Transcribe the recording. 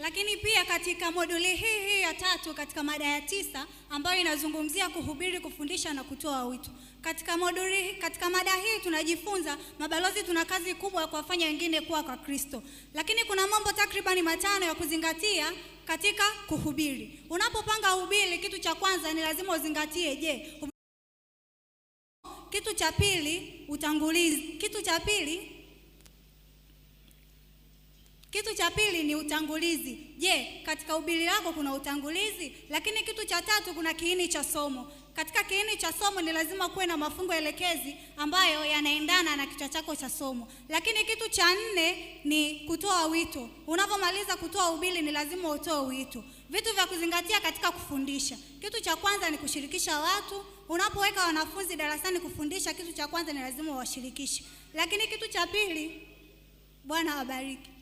Lakini pia katika moduli hii hii ya tatu katika mada ya tisa ambayo inazungumzia kuhubiri, kufundisha na kutoa wito. Katika moduli, katika mada hii tunajifunza mabalozi tuna kazi kubwa ya kuwafanya wengine kuwa kwa Kristo, lakini kuna mambo takribani matano ya kuzingatia katika kuhubiri. Unapopanga uhubiri, kitu cha kwanza ni lazima uzingatie, je, kitu cha pili utangulizi, kitu cha pili cha pili ni utangulizi. Je, katika ubili wako kuna utangulizi? Lakini kitu cha tatu kuna kiini cha somo. Katika kiini cha somo ni lazima kuwe na mafungo elekezi ambayo yanaendana na kichwa chako cha somo. Lakini kitu cha nne ni kutoa wito. Unapomaliza kutoa ubili ni lazima utoe wito. Vitu vya kuzingatia katika kufundisha. Kitu cha kwanza ni kushirikisha watu. Unapoweka wanafunzi darasani kufundisha, kitu cha kwanza ni lazima uwashirikishe. Lakini kitu cha pili, Bwana awabariki.